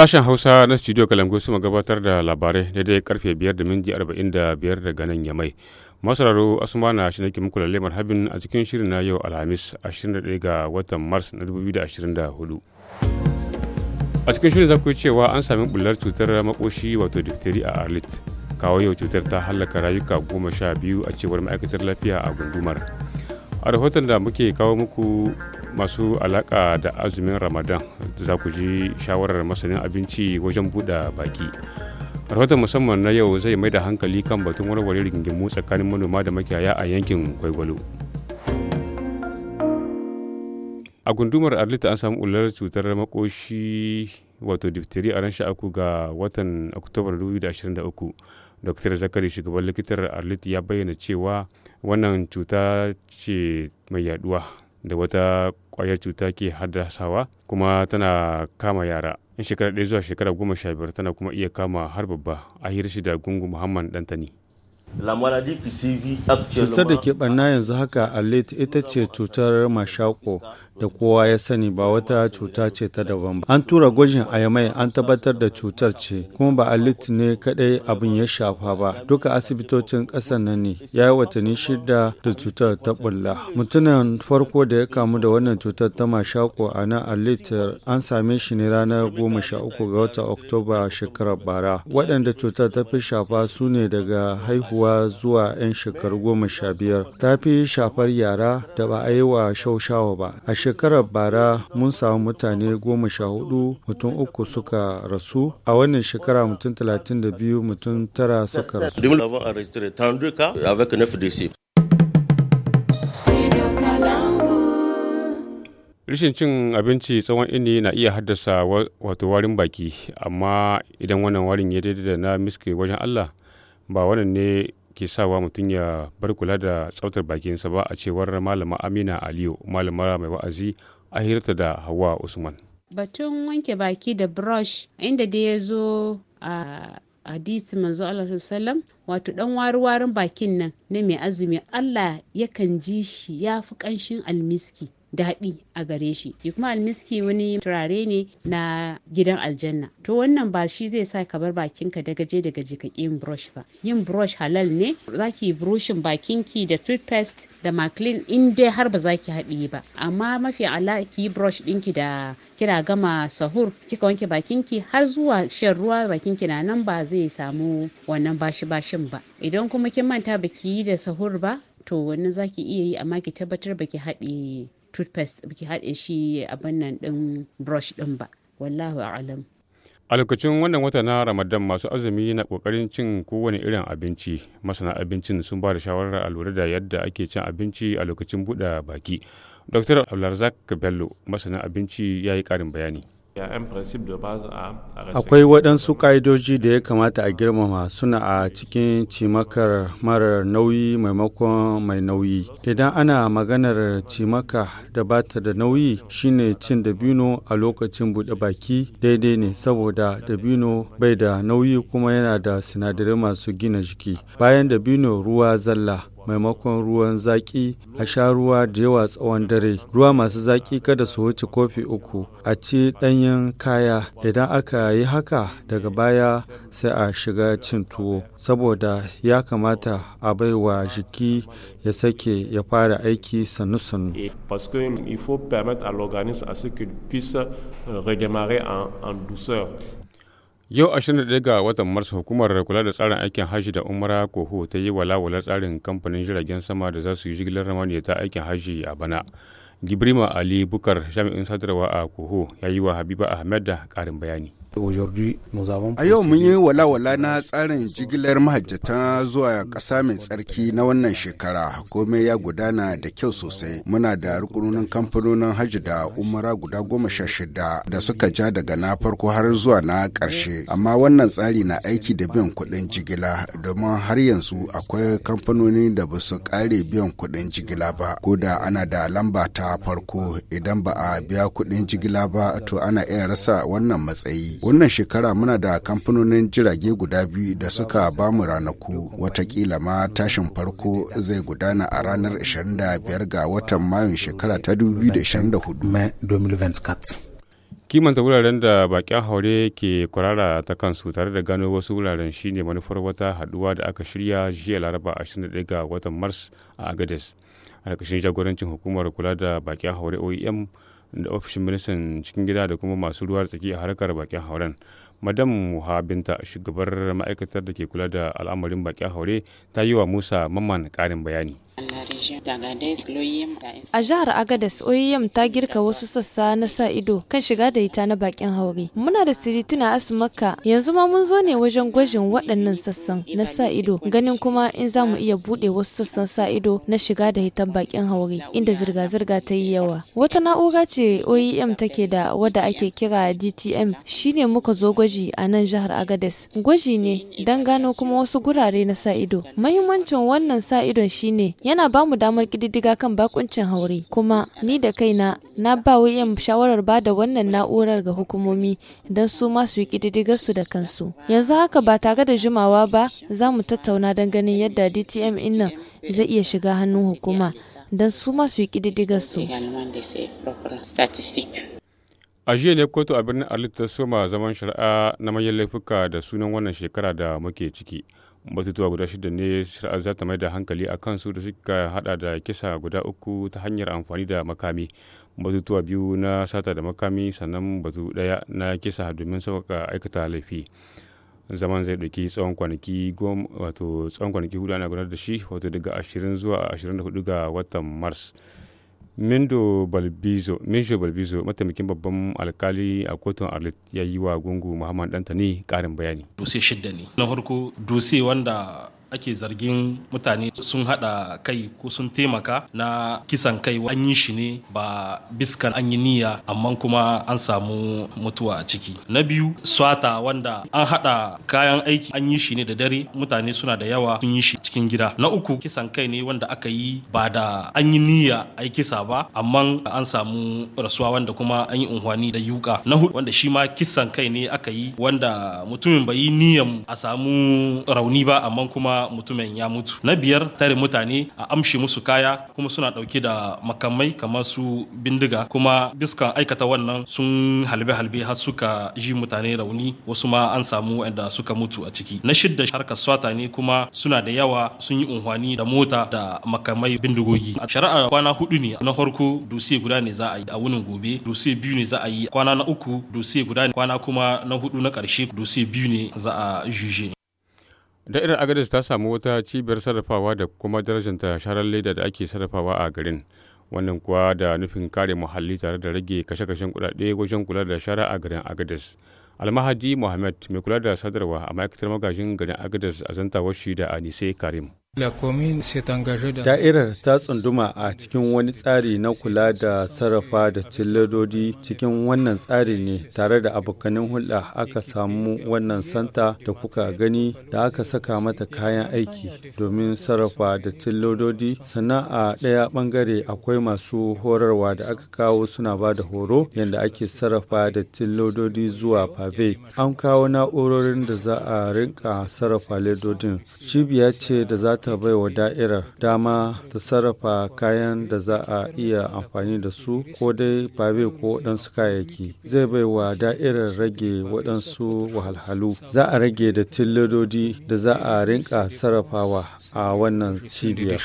Sashen Hausa na Studio Kalangu suna gabatar da labarai daidai karfe 5 da minti 45 daga nan Yamai. Masararo na shi nake muku lalle habin a cikin shirin na yau Alhamis 21 ga watan Mars na 2024. A cikin shirin za ku cewa an sami bullar cutar makoshi wato diphtheria a Arlit. Kawo yau cutar ta hallaka rayuka goma sha biyu a cewar ma'aikatar lafiya a gundumar. A rahoton da muke kawo muku masu alaka da azumin ramadan za ku ji shawarar masanin abinci wajen buɗe baki rahoton musamman na yau zai mai da hankali kan batun warware rigingimu tsakanin manoma da makiyaya a yankin gwaigwalo a gundumar arlita an samu ular cutar makoshi wato diphtheria a ran sha'aku ga watan oktobar 2023 dr zakari shugaban likitar arlita ya bayyana cewa wannan cuta ce mai yaduwa da wata kwayar cuta ke haddasawa kuma tana kama yara in shekara ɗaya zuwa shekara goma sha biyar tana kuma iya kama har babba a hirshi da gungu muhammad dantani cutar da ke barna yanzu haka a late ita ce cutar mashako da kowa ya sani ba wata cuta ce ta daban ba an tura gwajin a yamai an tabbatar da cutar ce kuma ba alit ne kadai abin ya shafa ba duka asibitocin ƙasa nan ne ya yi watanni shida da cutar ta bulla mutumin farko da ya kamu da wannan cutar ta mashako a nan alit an same shi ne ranar goma sha uku ga wata oktoba shekarar bara waɗanda cutar ta fi shafa su ne daga haihuwa zuwa 'yan shekaru goma sha biyar ta fi shafar yara da ba a yi wa shaushawa ba shekarar bara mun samu mutane goma sha hudu mutum uku suka rasu a wannan shekara mutum talatin da biyu mutum tara suka rasu. rashin cin abinci tsawon ini na iya haddasa wato warin baki amma idan wannan warin ya daidai da na miske wajen allah ba wannan ne ke sawa mutum ya bar kula da tsaftar bakinsa ba a cewar malama amina aliyu malama mai wa'azi a hirta da hawa usman batun wanke baki da brush inda dai ya zo a hadisi manzo Allah sallam wato dan warin bakin nan na mai azumi Allah yakan ji shi ya fi kanshin almiski daɗi a gare shi shi kuma almiski wani turare ne na gidan aljanna to wannan ba shi zai sa ka bar bakinka daga je daga jikakin brush ba yin brush halal ne zaki brushin ki da toothpaste da maclean in dai har ba za ki haɗiye ba amma mafi ala ki brush ɗinki da kira gama sahur kika wanke bakin ki. har zuwa shan ruwa bakinki na nan ba zai samu wannan bashi bashin ba idan kuma kin manta baki yi da sahur ba to wannan zaki iya yi amma ki tabbatar baki haɗiye toothpaste ki haɗe shi abin nan ɗin brush ɗin ba wallahu a'lam a lokacin wannan wata na ramadan masu azumi na kokarin cin kowane irin abinci masana abincin sun ba da shawarar a lura da yadda ake cin abinci a lokacin buɗe baki dr abdulrazak bello masana abinci ya yi ƙarin bayani Akwai waɗansu ƙa'idoji da ya kamata a girmama suna a cikin cimakar mara nauyi maimakon mai nauyi. Idan ana maganar cimaka da ba ta da nauyi shine cin dabino a lokacin buɗe baki daidai ne saboda dabino bai da nauyi kuma yana da sinadarai masu gina jiki. Bayan dabino ruwa zalla maimakon ruwan zaƙi a sha ruwa da yawa tsawon dare ruwa masu zaƙi kada su wuce kofi uku a ci ɗanyen kaya idan aka yi haka daga baya sai a shiga cin tuwo saboda ya kamata a bai wa jiki ya sake ya fara aiki sannu-sannu Yau 21 ga watan Mars hukumar kula da tsarin aikin hajji da umara koho ta yi walawalar tsarin kamfanin jiragen sama da za su yi jigilar ramani ta aikin hajji a bana. Gibrima Ali Bukar jami'in sadarwa a koho ya yi wa Habiba Ahmed da ƙarin bayani. A yau mun yi wala wala na tsarin jigilar mahajjata zuwa ƙasa mai tsarki na wannan shekara komai ya gudana da kyau sosai muna da rukunin kamfanonin hajji da umara guda goma sha shida da suka ja daga na farko har zuwa na ƙarshe amma wannan tsari na aiki da biyan kuɗin jigila domin har yanzu akwai kamfanoni da ba su ƙare biyan kuɗin jigila ba ko da ana da lamba ta farko idan ba a biya kuɗin jigila ba to ana iya rasa wannan matsayi Wannan shekara muna da kamfanonin jirage guda biyu da suka ba mu ranaku watakila ma tashin farko zai gudana a ranar 25 ga watan Mayun shekara ta 2024. kimanta wuraren da bakin haure ke kwarara ta kansu tare da gano wasu wuraren shine manufar wata haduwa da aka shirya jiya laraba 21 ga watan mars a agades a ƙarƙashin jagorancin hukumar kula da bakin haure oem da ofishin ministan cikin gida da kuma masu ruwa da tsaki a harkar bakin hauren madam muha binta shugabar ma'aikatar da ke kula da al'amarin bakin haure ta yi wa musa mamman karin bayani A jihar Agadez, OEM ta girka wasu sassa na sa ido kan shiga da ita na bakin haure. Muna da siritina asmaka yanzu ma mun zo ne wajen gwajin waɗannan sassan na sa ido ganin kuma in za mu iya buɗe wasu sassan sa ido na shiga da ita bakin haure inda zirga-zirga ta yi yawa. Wata na'ura ce OEM take da wadda ake kira DTM shine muka zo gwaji a nan jihar Agadez. Gwaji ne don gano kuma wasu gurare na sa ido. Mahimmancin wannan sa idon shine yana ba mu damar ƙididdiga kan bakuncin haure kuma ni da kaina na ba wa yin shawarar ba da wannan na'urar ga hukumomi don su ma yi su da kansu yanzu haka ba tare da jimawa ba za mu tattauna don ganin yadda dtm nan zai iya shiga hannun hukuma don su ma yi ƙididdigar a jiya ne kotu a birnin alita ta soma zaman shari'a na manyan laifuka da sunan wannan shekara da muke ciki batutuwa guda shida ne shari'ar za ta mai da hankali a kansu da suka hada da kisa guda uku ta hanyar amfani da makami batutuwa biyu na sata da makami sannan batu daya na kisa domin sauƙaƙa aikata laifi zaman zai ɗauki tsawon kwanaki wato tsawon kwanaki hudu ana gudanar da shi wato daga ashirin zuwa ashirin ga watan mars Mindo Balbizo, Minjo Balbizo mataimakin babban alkali a kotun arlet ya yi wa gungu Muhammad Dantani karin bayani. Dose shidda ne. Na farko dose wanda ake zargin mutane sun hada kai ko sun taimaka na kisan kai an yi shi ne ba biskan an yi niyya amma kuma an samu mutuwa a ciki na biyu swata wanda an hada kayan aiki an yi shi ne da dare mutane suna da yawa sun yi shi cikin gida na uku kisan kai ne wanda aka yi ba da an yi niyya a kisa ba amma an samu rasuwa wanda kuma an yi unhwani da yuka na hudu wanda shi ma kisan kai ne aka yi wanda mutumin bai yi niyyan a samu rauni ba amma kuma mutumin ya mutu na biyar tare mutane a amshi musu kaya kuma suna dauke da makamai kamar su bindiga kuma biska aikata wannan sun halbe halbe har suka ji mutane rauni wasu ma an samu wanda suka mutu a ciki na shidda harka swata ne kuma suna da yawa sun yi unhwani da mota da makamai bindigogi a shari'a kwana hudu ne na farko dosiye guda ne za a yi a wunin gobe dosiye biyu ne za a yi kwana na uku dosiye guda ne kwana kuma na hudu na karshe dosiye biyu ne za a juje da'irar agadez ta samu wata cibiyar sarrafawa da kuma darajanta sharar leda da ake sarrafawa a garin wannan kuwa da nufin kare muhalli tare da rage kashe-kashen kudade wajen kula da shara a garin agadez almahadi mohammed mai kula da sadarwa a ma'aikatar magajin garin agadez a zantawar shi da anise karim Da'irar ta tsunduma a cikin wani tsari na kula da sarrafa da tilladodi cikin wannan tsari ne tare da abokanin hulɗa aka samu wannan santa da kuka gani da aka saka mata kayan aiki domin sarrafa da tilladodi sannan a ɗaya ɓangare akwai masu horarwa da aka kawo suna ba da horo yadda ake sarrafa da tilladodi zuwa fave an kawo na'urorin da za a rinka sarrafa ledodin cibiya ce da za ta baiwa da'irar dama ta sarrafa kayan da za a iya amfani da su ko dai babe ko waɗansu kayayyaki zai baiwa da'irar rage waɗansu wahalhalu za a rage da tilladodi da za a rinka sarrafawa a wannan cibiyar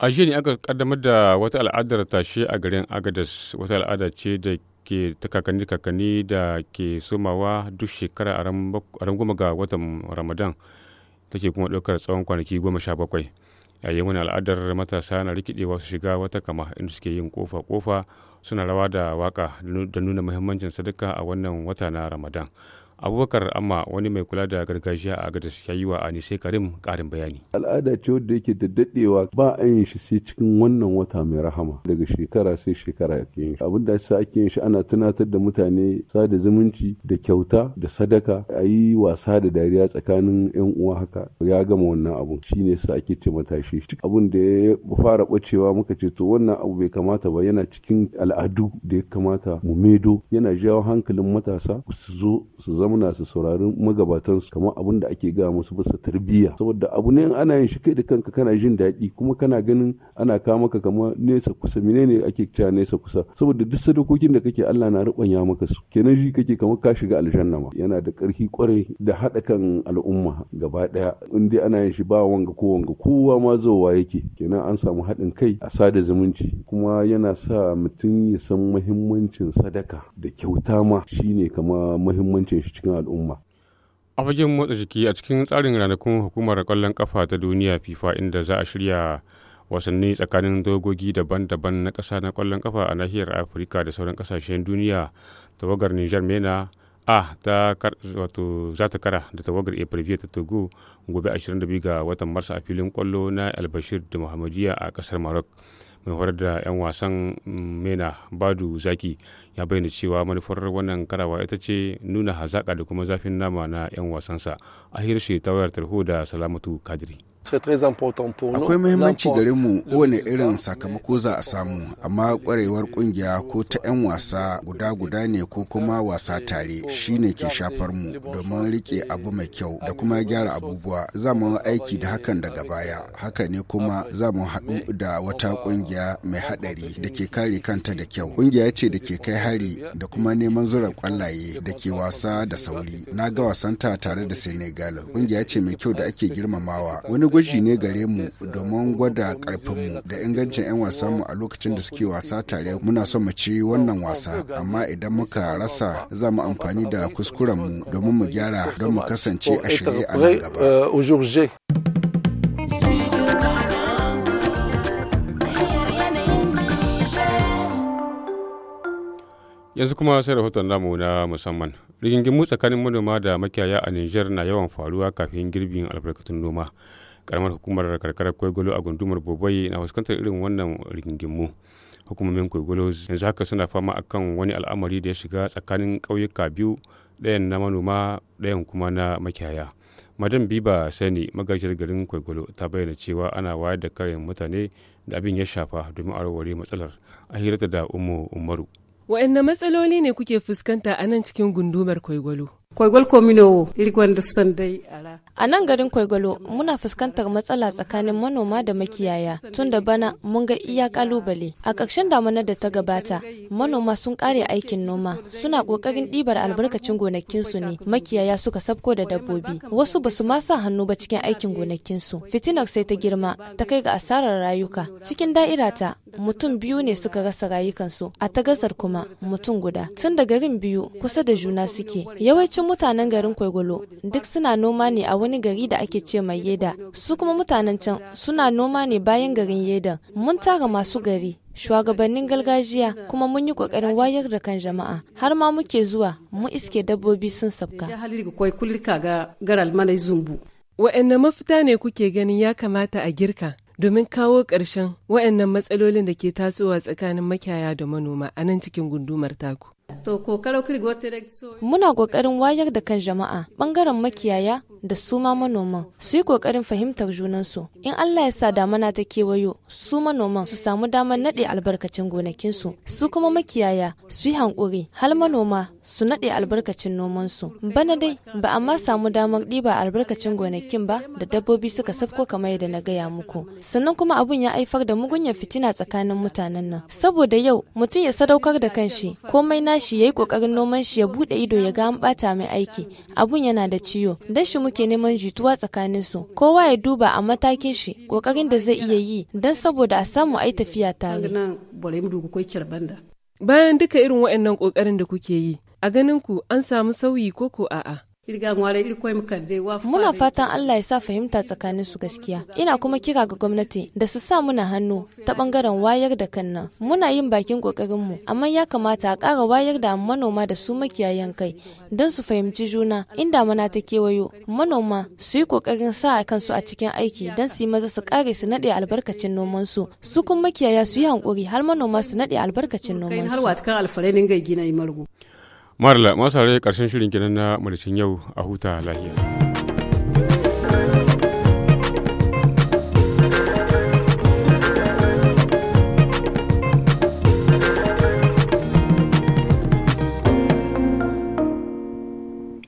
a jiya ne aka kaddamar da wata al'adar tashe a garin agadas wata al'ada ce da ke ta kakanni kakanni da ke somawa duk shekara a ran goma ga watan ramadan take kuma ɗaukar tsawon kwanaki goma sha bakwai yayin wani al'adar matasa na rikidewa su shiga wata kama inda suke yin kofa kofa suna rawa da waka da nuna muhimmancin sadaka a wannan wata na ramadan abubakar amma wani mai kula da gargajiya a gadis ya yi wa anise karim karin bayani al'ada ce wadda yake da dadewa ba a yin shi sai cikin wannan wata mai rahama daga shekara sai shekara ake yin shi abinda da sa ake yin shi ana tunatar da mutane sada zumunci da kyauta da sadaka a yi wasa da dariya tsakanin yan uwa haka ya gama wannan abun ne sa ake ce matashi Abun da ya fara bacewa muka ce to wannan abu bai kamata ba yana cikin al'adu da ya kamata mu medo yana jawo hankalin matasa su zo su zama Muna su saurari su kamar abin da ake ga musu bisa tarbiyya saboda abu ne ana yin shi kai da kanka kana jin daɗi kuma kana ganin ana kawo maka kamar nesa kusa menene ake cewa nesa kusa saboda duk sadakokin da kake Allah na rubanya maka su kenan shi kake kamar ka shiga aljanna ma yana da ƙarfi kwarai da haɗa kan al'umma gaba ɗaya in dai ana yin shi ba wanga ko wanga kowa ma zowa yake kenan an samu haɗin kai a sada zumunci kuma yana sa mutum ya san muhimmancin sadaka da kyauta ma shine kamar muhimmancin shi cikin al'umma. A fagen motsa jiki a cikin tsarin ranakun hukumar kwallon kafa ta duniya FIFA inda za a shirya wasanni tsakanin dogogi daban-daban na ƙasa na kwallon kafa a nahiyar Afirka da sauran kasashen duniya tawagar niger Mena A ta wato za ta kara da tawagar april ta Togo gobe 22 ga watan marsa a filin kwallo na Albashir da Muhammadiyya a ƙasar Maroc. mai horar da 'yan wasan mena badu zaki ya bayyana cewa manufar wannan karawa ita ce nuna hazaƙa da kuma zafin nama na 'yan wasansa a hirshe ta wayar tarho da salamatu kadiri Akwai mahimmanci gare mu kowane irin sakamako za a samu, amma kwarewar kungiya ko ta 'yan wasa guda guda ne ko kuma wasa tare shine ke shafar mu domin rike abu mai kyau da kuma gyara abubuwa za mu aiki da hakan daga baya. Haka ne kuma za mu haɗu da wata kungiya mai haɗari da ke kare kanta da kyau. Kungiya ce da ke kai hari da kuma neman zura kwallaye da ke wasa da sauri. Na ga wasanta tare da Senegal. Kungiya ce mai kyau da ake girmamawa. Wani gwaji ne gare mu domin gwada karfinmu da ingancin 'yan wasanmu a lokacin da suke wasa tare muna son mu ci wannan wasa amma idan muka rasa za mu amfani da kuskurenmu domin mu gyara don mu kasance a shirye a nan gaba. Euh, yanzu kuma sai rahoton namu na musamman rigingimu tsakanin manoma da makiyaya a niger na yawan faruwa kafin girbin albarkatun noma karamar hukumar karkarar kwaigolo a gundumar Bobai na fuskantar irin wannan rigingimu hukumomin kwaigolo yanzu haka suna fama a kan wani al'amari da ya shiga tsakanin ƙauyuka biyu ɗayan na manoma ɗayan kuma na makiyaya madam biba sani magajiyar garin kwaigolo ta bayyana cewa ana wayar da kayan mutane da abin ya shafa domin a matsalar a hirata da umu umaru waɗanne matsaloli ne kuke fuskanta a nan cikin gundumar Kwaigolo? Kwaigwal da san dai ara. A nan garin Kwaigwalo muna fuskantar matsala tsakanin manoma da makiyaya tun da bana mun ga iya kalubale. A ƙarshen damanar da ta gabata manoma sun ƙare aikin noma suna ƙoƙarin ɗibar albarkacin gonakinsu ne makiyaya suka sabko da dabbobi wasu ba su ma sa hannu ba cikin aikin gonakinsu. Fitinar sai ta girma ta kai ga asarar rayuka cikin da'ira ta mutum biyu ne suka rasa rayukansu a ta gasar kuma mutum guda tun da garin biyu kusa da juna suke yawanci Yawancin mutanen garin Kwaigolo duk suna noma ne a wani gari da ake ce mai Yeda. Su kuma mutanen can suna noma ne bayan garin Yedan. Mun tara masu gari, shugabannin gargajiya kuma mun yi kokarin wayar da kan jama'a. Har ma muke zuwa mu iske dabbobi sun sabka. Wa'anne mafita ne kuke ganin ya kamata a girka? domin kawo ƙarshen waɗannan matsalolin da ke tasowa tsakanin makiyaya da manoma a nan cikin gundumar taku. Muna ƙoƙarin wayar da kan jama'a ɓangaren makiyaya da suma ma manoman su yi ƙoƙarin fahimtar junansu. In Allah ya sa damana ta kewayo su manoman su samu damar naɗe albarkacin gonakinsu su kuma makiyaya su yi hankuri hal manoma su naɗe albarkacin nomansu. Bana dai ba a ma samu damar ɗiba albarkacin gonakin ba da dabbobi suka safko kamar yadda na gaya muku. Sannan kuma abun ya haifar da mugunyar fitina tsakanin mutanen nan. Saboda yau mutum ya sadaukar da kanshi komai na shi ya yi ƙoƙarin noman shi ya buɗe ido ya ga an ɓata mai aiki abun yana da ciwo dan shi muke neman jituwa tsakanin su kowa ya duba a matakin shi ƙoƙarin da zai iya yi dan saboda a samu ai tafiya tare. Bayan duka irin waɗannan ƙoƙarin da kuke yi, a ganin ku an samu sauyi ko ko a'a? Muna fatan Allah ya sa fahimta tsakanin su gaskiya. Ina kuma kira ga gwamnati da su sa muna hannu ta bangaren wayar da kan nan. Muna yin bakin kokarinmu amma ya kamata a kara wayar da manoma da su makiyayan kai don su fahimci juna inda mana ta kewayo. Manoma su yi kokarin sa a kansu a cikin aiki don su yi maza su kare su naɗe albarkacin nomansu. Su kuma makiyaya su yi hankuri har manoma su naɗe albarkacin nomansu. Marla, masu karshen shirin kenan na malishin yau a huta lahiya.